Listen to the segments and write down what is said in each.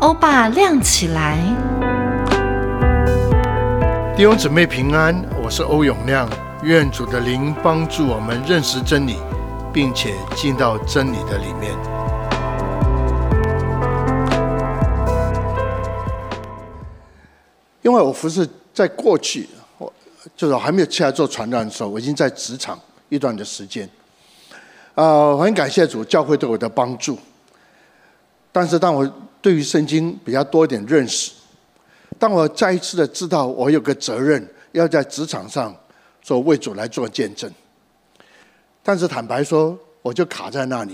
歐巴亮起來，弟兄姊妹平安，我是歐永亮，願主的靈幫助我們認識真理，並且進到真理的裡面。因為我服侍在過去，我就是我還沒有起來做傳道的時候，我已經在職場一段的時間，呃，我很感謝主教會對我的幫助，但是當我。對於聖經比較多一點認識，當我再一次的知道我有個責任，要在職場上做為主來做見證，但是坦白說，我就卡在那裡，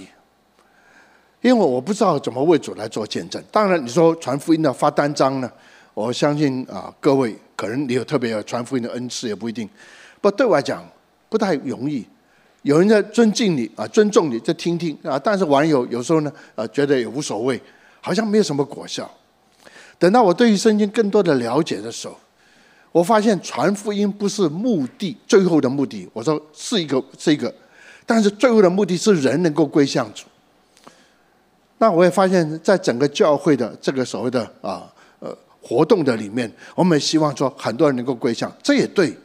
因為我不知道怎麼為主來做見證。當然你說傳福音的發單張呢，我相信啊，各位可能你有特別有傳福音的恩賜也不一定，不對外講不太容易，有人在尊敬你啊，尊重你在聽聽啊，但是網友有時候呢，啊覺得也無所謂。好像沒有什麼果效。等到我對於聖經更多的了解的時候，我發現傳福音不是目的，最後的目的，我說是一個是一個，但是最後的目的是人能夠歸向主。那我也發現，在整個教會的這個所謂的啊，呃，呃活動的裡面，我們也希望說很多人能夠歸向，這也對。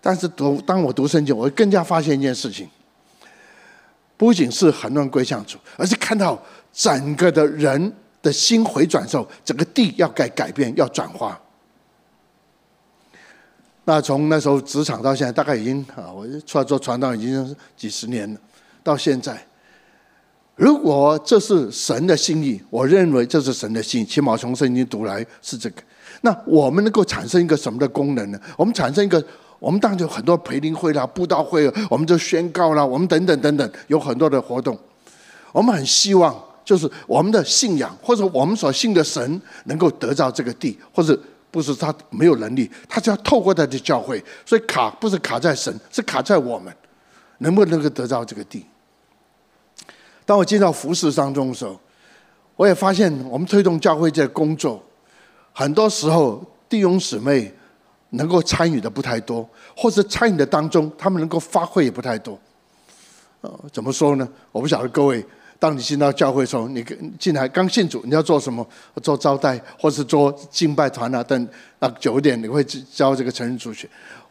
但是讀當我讀聖經，我會更加發現一件事情，不僅是很多人歸向主，而是看到。整個的人的心回轉之後，整個地要改改變，要轉化。那從那時候職場到現在，大概已經啊，我出來做傳道已經幾十年了，到現在。如果這是神的心意，我認為這是神的心意，起碼從聖經讀來是這個。那我們能夠產生一個什麼的功能呢？我們產生一個，我們當然有很多培靈會啦、布道會，我們就宣告了，我們等等等等，有很多的活動，我們很希望。就是我們的信仰，或者我們所信的神，能夠得到這個地，或者不是他沒有能力，他就要透過他的教會。所以卡不是卡在神，是卡在我們能不能夠得到這個地。當我進到服事當中的時候，我也發現我們推動教會這個工作，很多時候弟兄姊妹能夠參與的不太多，或者參與的當中，他們能夠發揮也不太多。呃，怎麼說呢？我不曉得各位。當你進到教會的時候，你進來剛信主，你要做什麼？做招待，或是做敬拜團啊？等到久一點，你會教這個成人組去。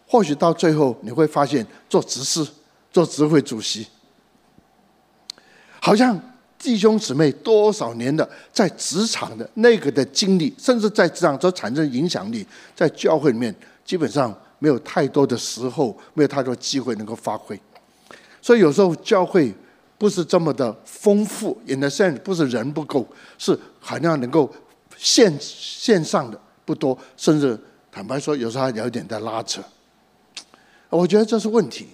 或許到最後，你會發現做執事、做執會主席，好像弟兄姊妹多少年的在職場的那個的經歷，甚至在職場都產生影響力，在教會裡面，基本上沒有太多的時候，沒有太多機會能夠發揮。所以有時候教會。不是這麼的豐富，internet 不是人不夠，是含量能夠線線上的不多，甚至坦白說，有時候還有一點在拉扯，我覺得這是問題。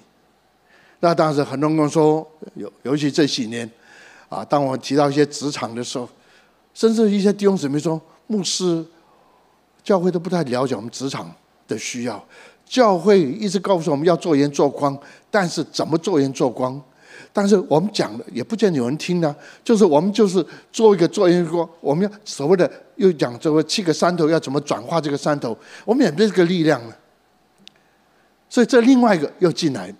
那當時很多人說，尤尤其這幾年，啊，當我提到一些職場的時候，甚至一些弟兄姊妹說，牧師教會都不太了解我們職場的需要，教會一直告訴我們要做鹽做光，但是怎麼做鹽做光？但是我們講的也不見有人聽呢、啊，就是我們就是做一個做一個，我們要所謂的又講這個七個山頭要怎麼轉化這個山頭，我們也沒這個力量呢。所以這另外一個又進來，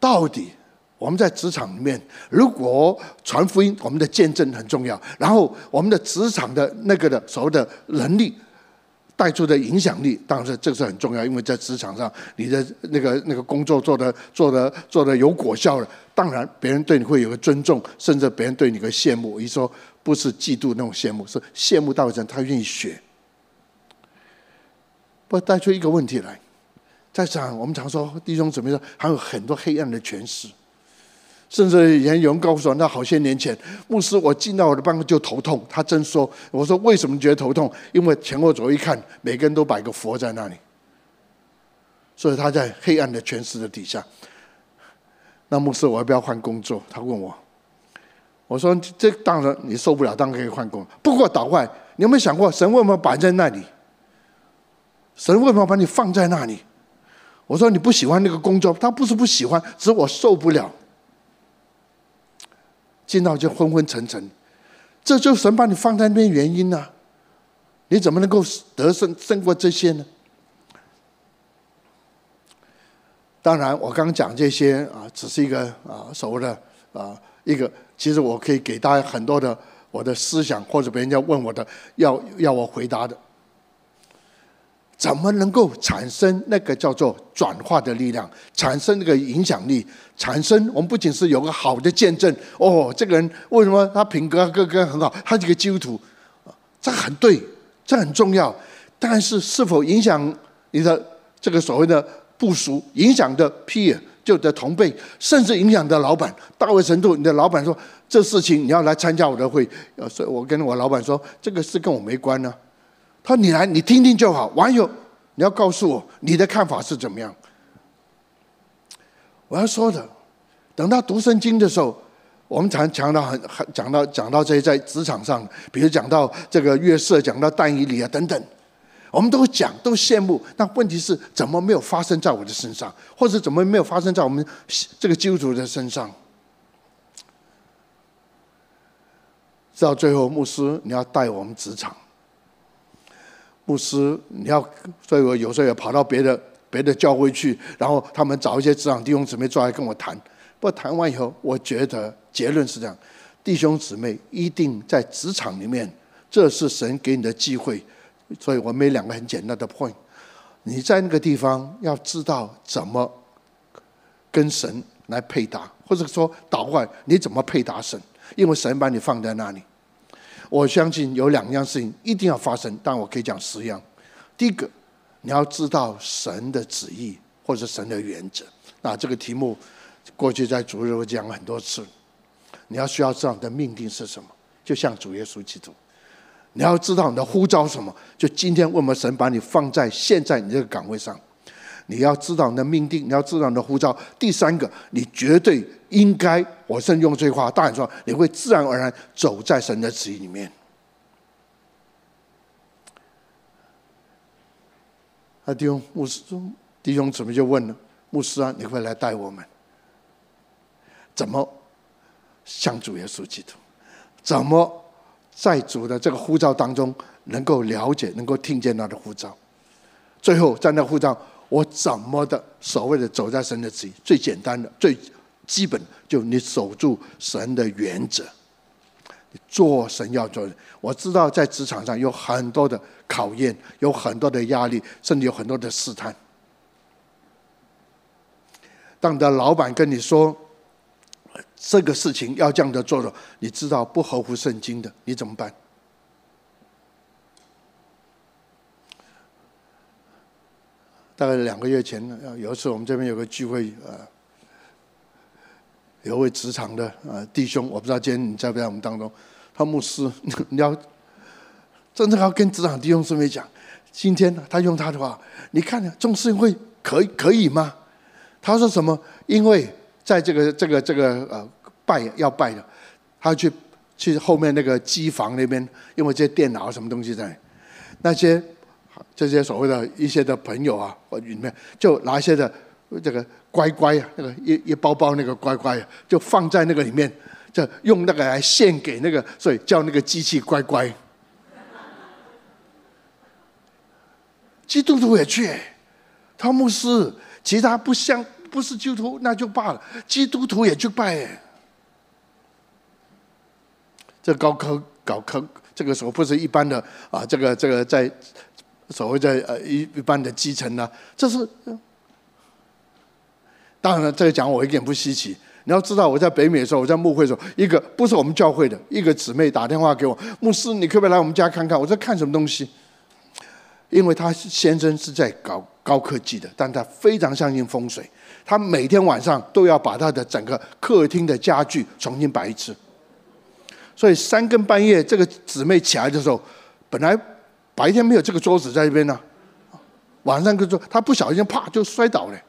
到底我們在職場裡面，如果傳福音，我們的見證很重要，然後我們的職場的那個的所謂的能力。帶出的影響力，當然這個是很重要，因為在職場上，你的那個那個工作做得做得做得有果效了，當然別人對你會有個尊重，甚至別人對你的羨慕。一說不是嫉妒那種羨慕，是羨慕到人他願意學。不帶出一個問題來，在場我們常說弟兄姊妹說，還有很多黑暗的權勢。甚至以前有人告訴我，那好些年前，牧師，我進到我的辦公室就頭痛。他真說，我說為什麼覺得頭痛？因為前後左右一看，每個人都擺個佛在那裡，所以他在黑暗的權勢的底下。那牧師，我要不要換工作？他問我，我說這當然你受不了，當然可以換工作。不過倒外你有沒有想過，神為什麼擺在那裡？神為什麼把你放在那裡？我說你不喜歡那個工作，他不是不喜歡，只是我受不了。見到就昏昏沉沉，這就是神把你放在那邊原因呢、啊？你怎麼能夠得勝勝過這些呢？當然，我剛講這些啊，只是一個啊，所謂的啊，一個其實我可以給大家很多的我的思想，或者別人要問我的，要要我回答的。怎麼能夠產生那個叫做轉化的力量，產生那個影響力，產生我們不僅是有個好的見證哦，這個人為什麼他品格個個很好，他這個基督徒，這很對，這很重要。但是是否影響你的這個所謂的部署，影響的 peer，就的同輩，甚至影響的老闆，到什麼程度？你的老闆說，這事情你要來參加我的會，呃，所以我跟我老闆說，這個事跟我沒關呢、啊。他說，你來，你聽聽就好。網友，你要告訴我你的看法是怎麼樣？我要說的，等到讀聖經的時候，我們常，常，常講到很、很講到講到這些在職場上，比如講到這個約瑟，講到但以理啊等等，我們都會講，都羨慕。但問題是，怎麼沒有發生在我的身上，或者怎麼沒有發生在我們這個基督徒的身上？到最後，牧師，你要帶我們職場。牧師，你要，所以我有時候也跑到別的別的教會去，然後他們找一些職場弟兄姊妹坐來跟我談。不過談完以後，我覺得結論是這樣：弟兄姊妹一定在職場裡面，這是神給你的機會。所以我們有兩個很簡單的 point，你在那個地方要知道怎麼跟神來配搭，或者說倒過來你怎麼配搭神，因為神把你放在那裡。我相信有兩樣事情一定要發生，但我可以講十樣。第一個，你要知道神的旨意，或者神的原則。那這個題目，過去在主日我講了很多次。你要需要知道你的命定是什麼？就像主耶穌基督，你要知道你的呼召什麼？就今天為什麼神把你放在現在你這個崗位上？你要知道你的命定，你要知道你的呼召。第三個，你絕對應該，我慎用這句話，大膽說，你會自然而然走在神的旨意裡面，啊。弟兄，牧師，弟兄怎麼就問了？牧師啊，你會來帶我們？怎麼向主耶穌基督？怎麼在主的這個呼召當中能夠了解，能夠聽見他的呼召？最後，在那呼召。我怎麼的所謂的走在神的旨意？最簡單的、最基本，就你守住神的原則。做神要做的。我知道在職場上有很多的考驗，有很多的壓力，甚至有很多的試探。當你的老板跟你說這個事情要這樣的做的，你知道不合乎聖經的，你怎麼辦？大概兩個月前呢，有一次我們這邊有個聚會，呃，有一位職場的呃弟兄，我不知道今天你在不在我們當中。他牧師你要，真正要跟職場弟兄姊妹講，今天他用他的話，你看，眾聖會可以可以嗎？他說什麼？因為在這個這個這個呃拜要拜的，他去去後面那個機房那邊，因為這些電腦什麼東西在，那些。這些所謂的一些的朋友啊，裡面就拿一些的這個乖乖啊，那個一一包包那個乖乖啊，就放在那個裡面，就用那個來獻給那個，所以叫那個機器乖乖。基督徒也去耶，他牧師，其他不像不是基督徒那就罷了，基督徒也去拜耶。這高科搞科，這個時候不是一般的啊，這個這個在。所謂在呃一一般的基層呢，這是當然了。這個講我一點不稀奇。你要知道我在北美的時候，我在牧會的時候，一個不是我們教會的一個姊妹打電話給我，牧師，你可不可以來我們家看看？我在看什麼東西？因為他先生是在搞高科技的，但他非常相信風水。他每天晚上都要把他的整個客廳的家具重新擺一次，所以三更半夜這個姊妹起來的時候，本來。白天沒有這個桌子在一邊呢、啊，晚上就說他不小心，啪就摔倒了。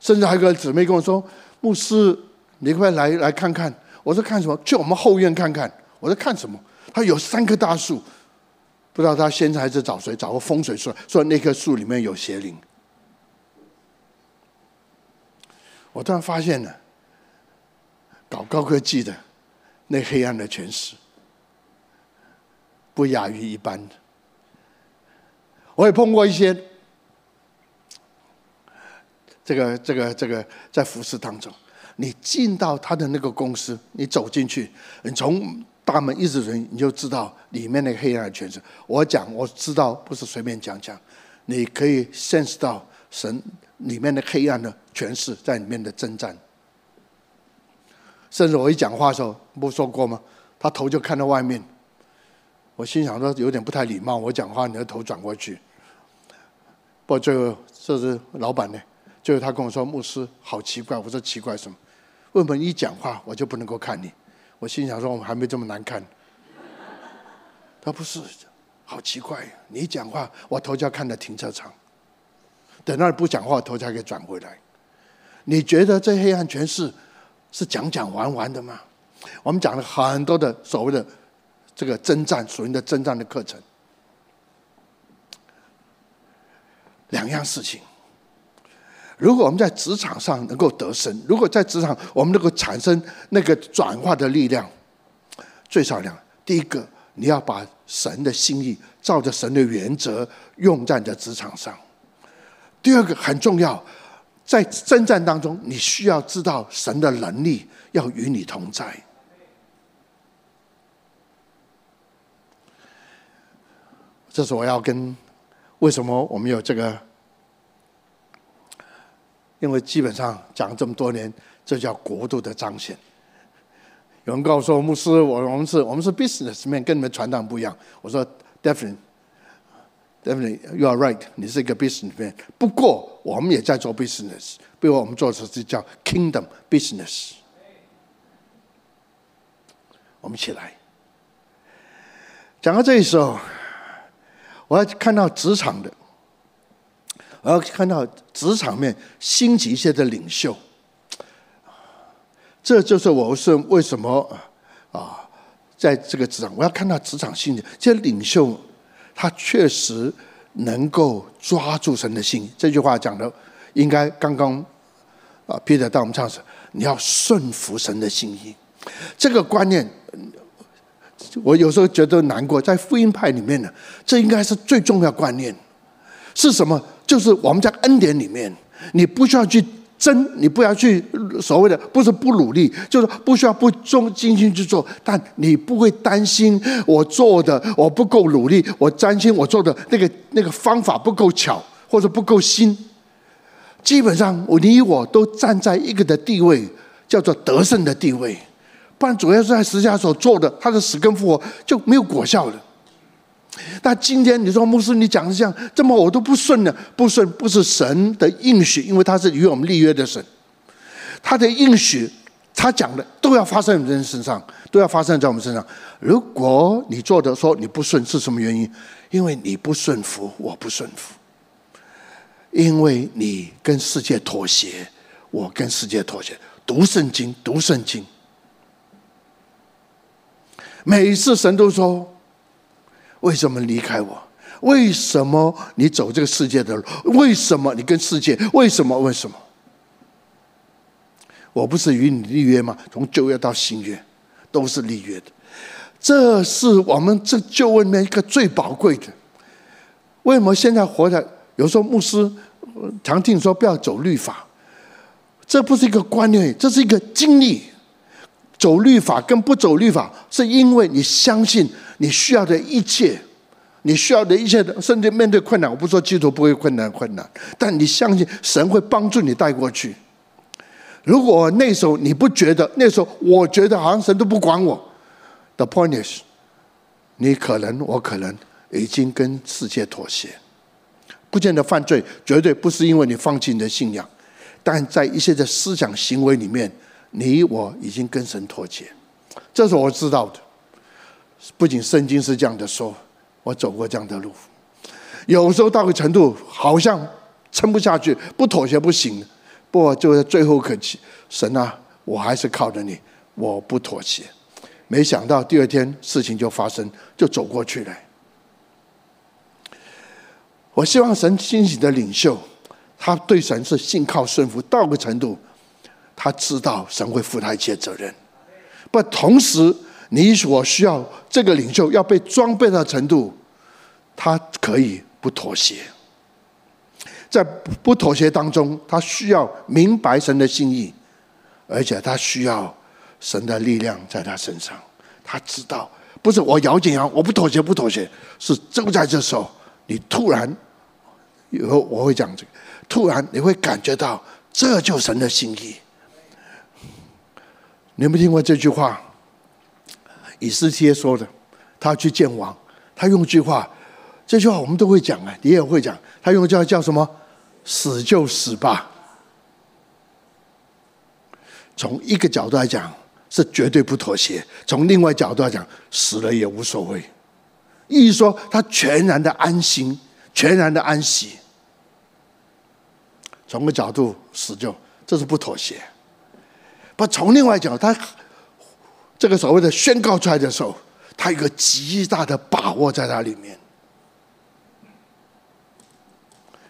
甚至還有個姊妹跟我說：“牧師，你快來來看看。”我說：“看什麼？去我們後院看看。”我說：“看什麼？他有三棵大樹，不知道他現在還在找誰，找個風水師說那棵樹裡面有邪靈。”我突然發現了，搞高科技的那黑暗的權勢。不亞於一般的。我也碰過一些、這個，這個這個這個，在服事當中，你進到他的那個公司，你走進去，你從大門一直入，你就知道裡面的黑暗的權勢。我講，我知道不是隨便講講，你可以 sense 到神裡面的黑暗的權勢在裡面的征戰。甚至我一講話的時候，不說過嗎？他頭就看到外面。我心想說有點不太禮貌，我講話你的頭轉過去。不過最後，這是老板呢，最後他跟我說：“牧師，好奇怪！”我說：“奇怪什麼？”為什麼一講話我就不能夠看你？我心想說：“我們還沒這麼難看。” 他不是，好奇怪，你一講話我頭就要看到停車場，等那兒不講話，頭才可以轉回來。你覺得這黑暗權勢是，是講講玩玩的嗎？我們講了很多的所謂的。這個征戰，所謂的征戰的課程，兩樣事情。如果我們在職場上能夠得勝，如果在職場我們能夠產生那個轉化的力量，最少兩。第一個，你要把神的心意照着神的原則用在你的職場上。第二個很重要，在征戰當中，你需要知道神的能力要與你同在。這是我要跟為什麼我們有這個？因為基本上講這麼多年，這叫國度的彰顯。有人告訴我牧師，我我們是我們是 businessman，跟你們傳道不一樣。我說 definitely，definitely you are right，你是一個 businessman。不過我們也在做 business，不過我們做的是叫 kingdom business。我們起來，講到這一時候。我要看到職場的，我要看到職場面興起一些的領袖，這就是我是為什麼啊，在這個職場，我要看到職場興起的這些領袖，他確實能夠抓住神的心意。這句話講的應該剛剛啊，Peter 帶我們唱時，你要順服神的心意，這個觀念。我有時候覺得難過，在福音派裡面呢，這應該是最重要觀念是什麼？就是我們在恩典裡面，你不需要去爭，你不要去所謂的，不是不努力，就是不需要不中精心去做，但你不會擔心我做的我不夠努力，我擔心我做的那個那個方法不夠巧或者不夠新。基本上，你我都站在一個的地位，叫做得勝的地位。不然主要是在十字架所做的，他的死跟復活就沒有果效了。那今天你說，牧師，你講的這樣這麼我都不順了，不順不是神的應許，因為他是與我們立約的神，他的應許，他講的都要發生在我們身上，都要發生在我們身上。如果你做的說你不順是什麼原因？因為你不順服，我不順服，因為你跟世界妥協，我跟世界妥協。讀聖經，讀聖經。每一次神都說：“為什麼離開我？為什麼你走這個世界的路？為什麼你跟世界？為什麼？為什麼？”我不是與你立約嗎？從舊約到新約都是立約的。這是我們這舊問裡面一個最寶貴的。為什麼現在活着？有時候牧師常聽說不要走律法，這不是一個觀念，這是一個經歷。走律法跟不走律法，是因為你相信你需要的一切，你需要的一切，甚至面對困難，我不說基督徒不會困難困難，但你相信神會幫助你帶過去。如果那時候你不覺得，那時候我覺得好像神都不管我。The point is，你可能我可能已經跟世界妥協。不見得犯罪，絕對不是因為你放棄你的信仰，但在一些的思想行為裡面。你我已經跟神妥協，這是我知道的。不僅聖經是這樣的說，我走過這樣的路，有時候到個程度，好像撐不下去，不妥協不行。不過就在最後可期，神啊，我還是靠着你，我不妥協。沒想到第二天事情就發生，就走過去了。我希望神興起的領袖，他對神是信靠順服，到個程度。他知道神會負他一切責任，不同時，你所需要這個領袖要被裝備的程度，他可以不妥協。在不妥協當中，他需要明白神的心意，而且他需要神的力量在他身上。他知道，不是我咬緊牙、啊，我不妥協，不妥協，是正在這時候，你突然以後我會講這個，突然你會感覺到，這就是神的心意。你有沒有聽過這句話？以斯帖說的，他要去見王，他用一句話，這句話我們都會講啊，你也，也會講。他用叫叫什麼？死就死吧。從一個角度來講，是絕對不妥協；從另外角度來講，死了也無所謂。意思說，他全然的安心，全然的安息。從個角度，死就，這是不妥協。不從另外講，他這個所謂的宣告出來的時候，他有一個極大的把握在他裡面。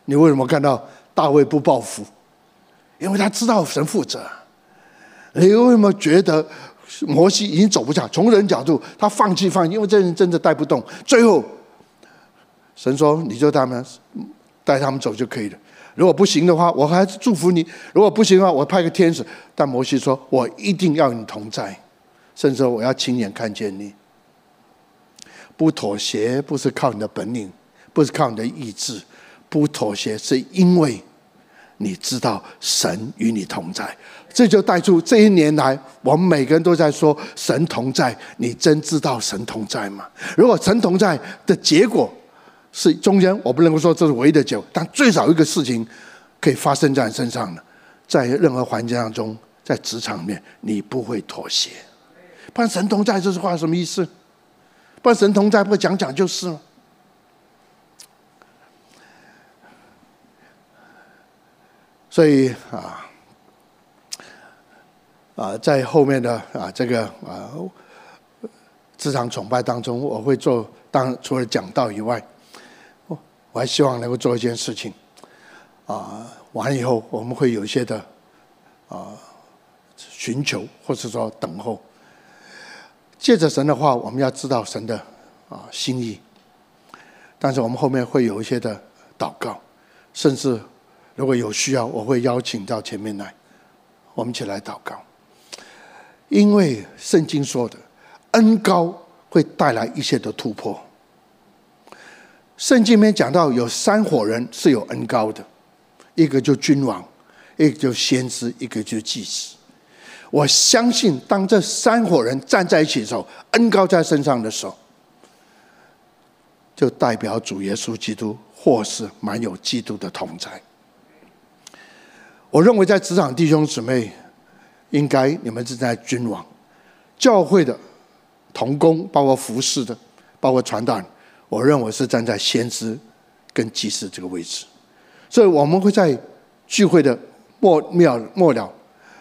你為什麼看到大衛不報復？因為他知道神負責。你為什麼覺得摩西已經走不下？從人角度，他放棄放，因為這人真的帶不動。最後，神說：“你就帶他們帶他們走就可以了。”如果不行的話，我還是祝福你。如果不行的話，我派個天使。但摩西說：“我一定要你同在，甚至我要親眼看見你。”不妥協不是靠你的本領，不是靠你的意志，不妥協是因為你知道神與你同在。這就帶出這一年來，我們每個人都在說“神同在”，你真知道神同在嗎？如果神同在的結果，是中間，我不能夠說這是唯一的結果，但最少一個事情可以發生在你身上的，在任何環境當中，在職場裡面，你不會妥協，不然神同在這句話什麼意思？不然神同在不講講就是了。所以啊啊，在後面的啊這個啊職場崇拜當中，我會做當除了講道以外。我還希望能夠做一件事情，啊，完以後我們會有一些的啊尋求，或者說等候。借着神的話，我們要知道神的啊心意。但是我們後面會有一些的禱告，甚至如果有需要，我會邀請到前面來，我們一起來禱告。因為聖經說的恩膏會帶來一些的突破。聖經裡面講到有三夥人是有恩膏的，一個就君王，一個就先知，一個就祭司。我相信當這三夥人站在一起的時候，恩膏在身上的時候，就代表主耶穌基督或是滿有基督的同在。我認為在職場弟兄姊妹，應該你們是在君王，教會的同工，包括服侍的，包括傳道。我認為是站在先知跟祭司這個位置，所以我們會在聚會的末末了，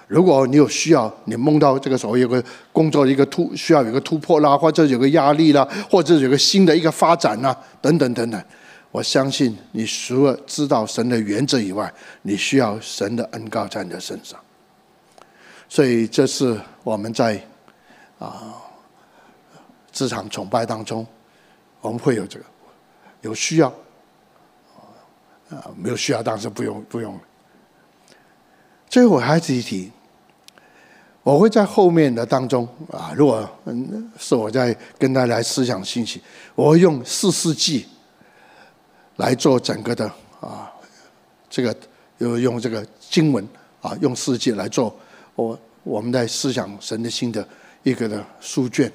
如果你有需要，你夢到這個所謂有個工作的一個突需要有一個突破啦，或者有個壓力啦，或者有個新的一個發展啦，等等等等，我相信你除了知道神的原則以外，你需要神的恩膏在你的身上，所以這是我們在啊，職場崇拜當中。我們會有這個，有需要，啊，沒有需要，當時不用，不用。最後我還是一提，我會在後面的當中啊，如果是我在跟大家來思想信息，我會用四世紀來做整個的啊，這個用用這個經文啊，用四世紀來做我我們在思想神的心的一個的書卷。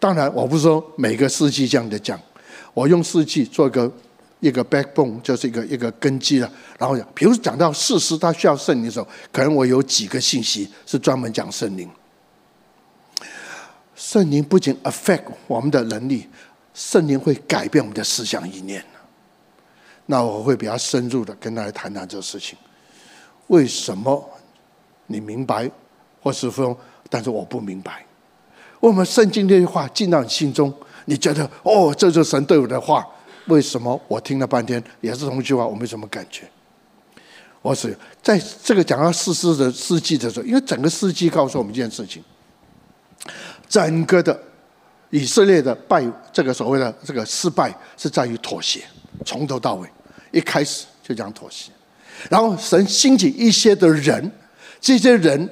當然，我不是說每個世紀這樣的講，我用世紀做個一個 backbone，就是一個一個根基了。然後，比如講到事實，它需要聖靈的時候，可能我有幾個信息是專門講聖靈。聖靈不僅 affect 我們的能力，聖靈會改變我們的思想意念。那我會比較深入的跟大家談談這個事情。為什麼你明白，或是說，但是我不明白？我們聖經這句話進到你心中，你覺得哦，這就是神對我的話。為什麼我聽了半天也是同一句話，我沒什麼感覺？我是在這個講到士師的士師記的時候，因為整個士師記告訴我們一件事情：整個的以色列的敗，這個所謂的這個失敗是在於妥協，從頭到尾一開始就講妥協。然後神興起一些的人，這些人。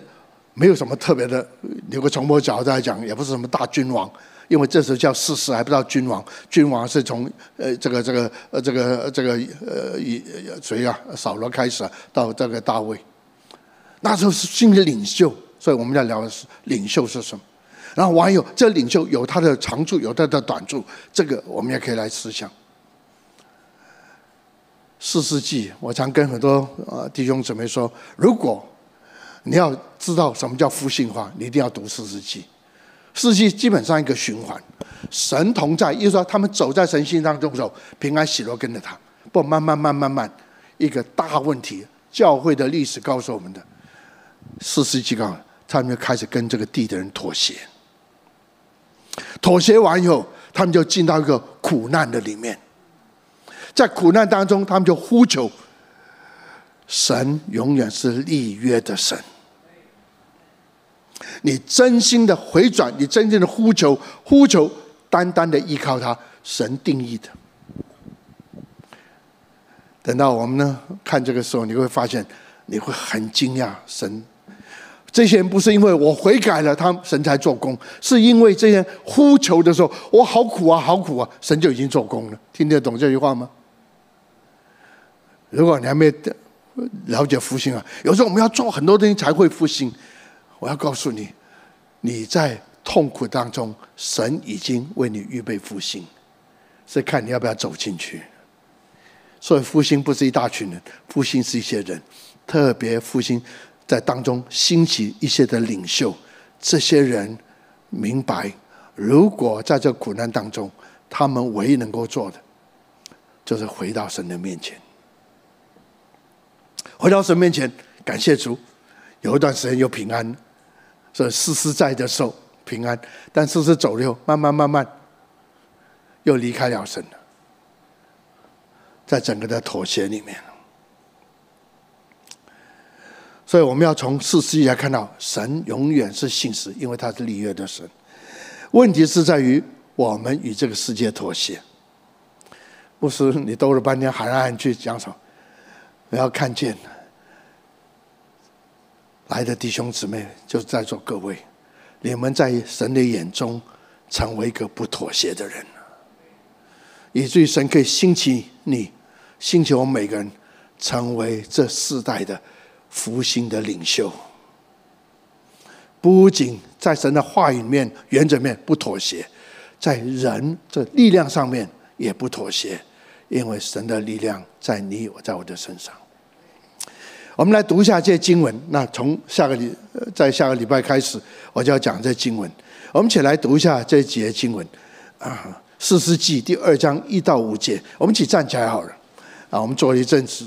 沒有什麼特別的，有個從某種角度來講，也不是什麼大君王，因為這時候叫士師，還不知道君王。君王是從呃這個這個呃這個這個呃誰啊，掃羅開始，啊、到這個大衛，那時候是新的領袖，所以我們要聊領袖是什麼。然後還有，這領袖有他的長處，有他的短處，這個我們也可以來思想。士師記，我常跟很多呃弟兄姊妹說，如果。你要知道什麼叫復興化，你一定要讀士師記。士師記基本上一個循環，神同在，意思說他們走在神性當中的時候，平安喜樂跟着他。不，慢慢慢慢慢，一個大問題，教會的歷史告訴我們的士師記，剛他們就開始跟這個地的人妥協。妥協完以後，他們就進到一個苦難的裡面，在苦難當中，他們就呼求神，永遠是立約的神。你真心的回轉，你真正的呼求，呼求單單的依靠他，神定義的。等到我們呢，看這個時候，你會發現，你會很驚訝，神這些人不是因為我悔改了，他們神才做工，是因為這些呼求的時候，我好苦啊，好苦啊，神就已經做工了。聽得懂這句話嗎？如果你還沒了解復興啊，有時候我們要做很多東西才會復興。我要告訴你，你在痛苦當中，神已經為你預備復興，是看你要不要走進去。所以復興不是一大群人，復興是一些人，特別復興在當中興起一些的領袖。這些人明白，如果在這苦難當中，他們唯一能夠做的，就是回到神的面前，回到神面前感謝主，有一段時間又平安。所以士師在的時候平安，但士師走了以後，慢慢慢慢，又離開了神了，在整個的妥協裡面。所以我們要從士師記來看到，神永遠是信實，因為他是立約的神。問題是在於我們與這個世界妥協，不是你兜了半天喊來喊去講什麼，你要看見。來的弟兄姊妹，就在座各位，你們在神的眼中成為一個不妥協的人，以至於神可以興起你，興起我們每個人，成為這世代的復興的領袖。不僅在神的話語裡面、原則面不妥協，在人的力量上面也不妥協，因為神的力量在你、我在我的身上。我們來讀一下這些經文。那從下個禮，在下個禮拜開始，我就要講這經文。我們一起來讀一下這幾頁經文。啊，士師記第二章一到五節。我們一起站起來好了。啊，我們坐了一陣子。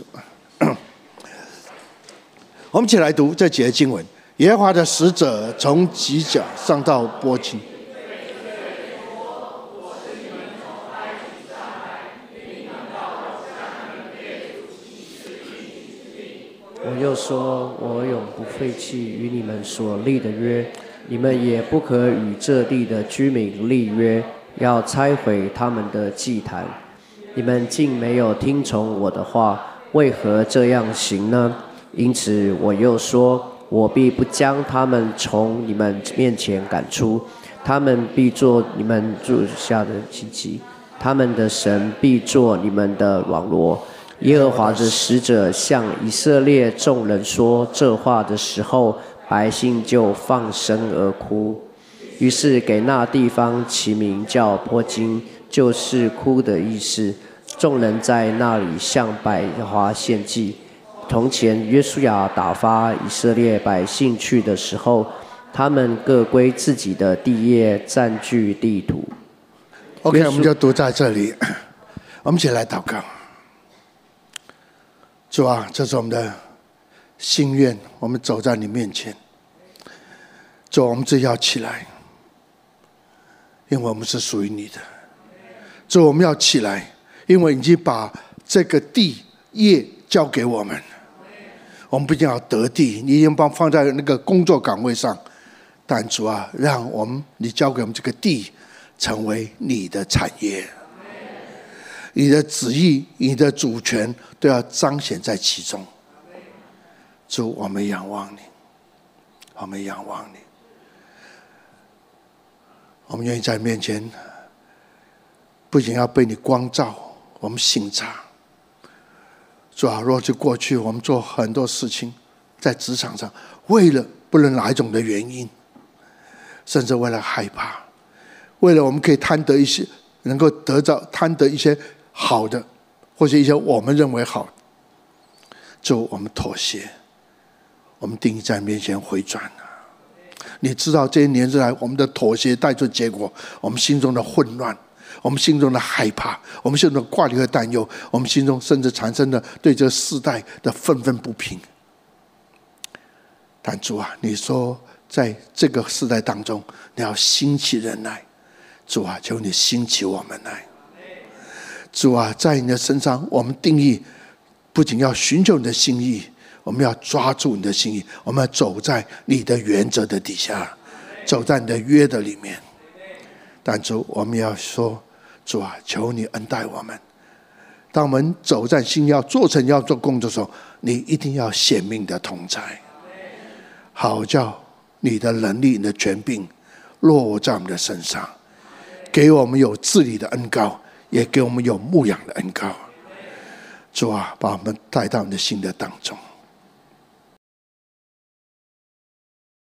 我們一起來讀這幾頁經文。耶和華的使者從吉甲上到波金，又說，我永不廢棄與你們所立的約，你們也不可與這地的居民立約，要拆毀他們的祭壇。你們竟沒有聽從我的話，為何這樣行呢？因此我又說，我必不將他們從你們面前趕出，他們必做你們住下的荊棘，他們的神必做你們的網羅。耶和華的使者向以色列眾人說這話的時候，百姓就放聲而哭。於是給那地方起名叫波金，就是“哭”的意思。眾人在那裡向百花獻祭。從前約書亞打發以色列百姓去的時候，他們各歸自己的地業，占據地土。OK，我們就讀在這裡，我們一起來禱告。主啊，這是我們的心願。我們走在你面前，主啊，我們這要起來，因為我們是屬於你的。主，我們要起來，因為你已經把這個地業交給我們。我們不僅要得地，你已經把我放在那個工作崗位上，但主啊，讓我們你交給我們這個地，成為你的產業。你的旨意，你的主權都要彰顯在其中。主，我們仰望你，我們仰望你，我們願意在面前，不僅要被你光照，我們省察。主啊，若就過去，我們做很多事情，在職場上，為了不論哪一種的原因，甚至為了害怕，為了我們可以貪得一些，能夠得到貪得一些。好的，或是一些我們認為好，就我們妥協，我們定意在面前回轉了。你知道，這些年來我們的妥協帶出結果，我們心中的混亂，我們心中的害怕，我們心中的掛慮和擔憂，我們心中甚至產生了對這個世代的憤憤不平。但主啊，你說在這個世代當中，你要興起人來，主啊，求你興起我們來。主啊，在你的身上，我們定義不僅要尋求你的心意，我們要抓住你的心意，我們要走在你的原則的底下，走在你的約的裡面。但是我們要說，主啊，求你恩待我們。當我們走在新要做成要做工作的時候，你一定要顯明的同在，好叫你的能力、你的權柄落在我們的身上，給我們有治理的恩膏。也給我們有牧養的恩膏，主啊，把我們帶到你的心的當中。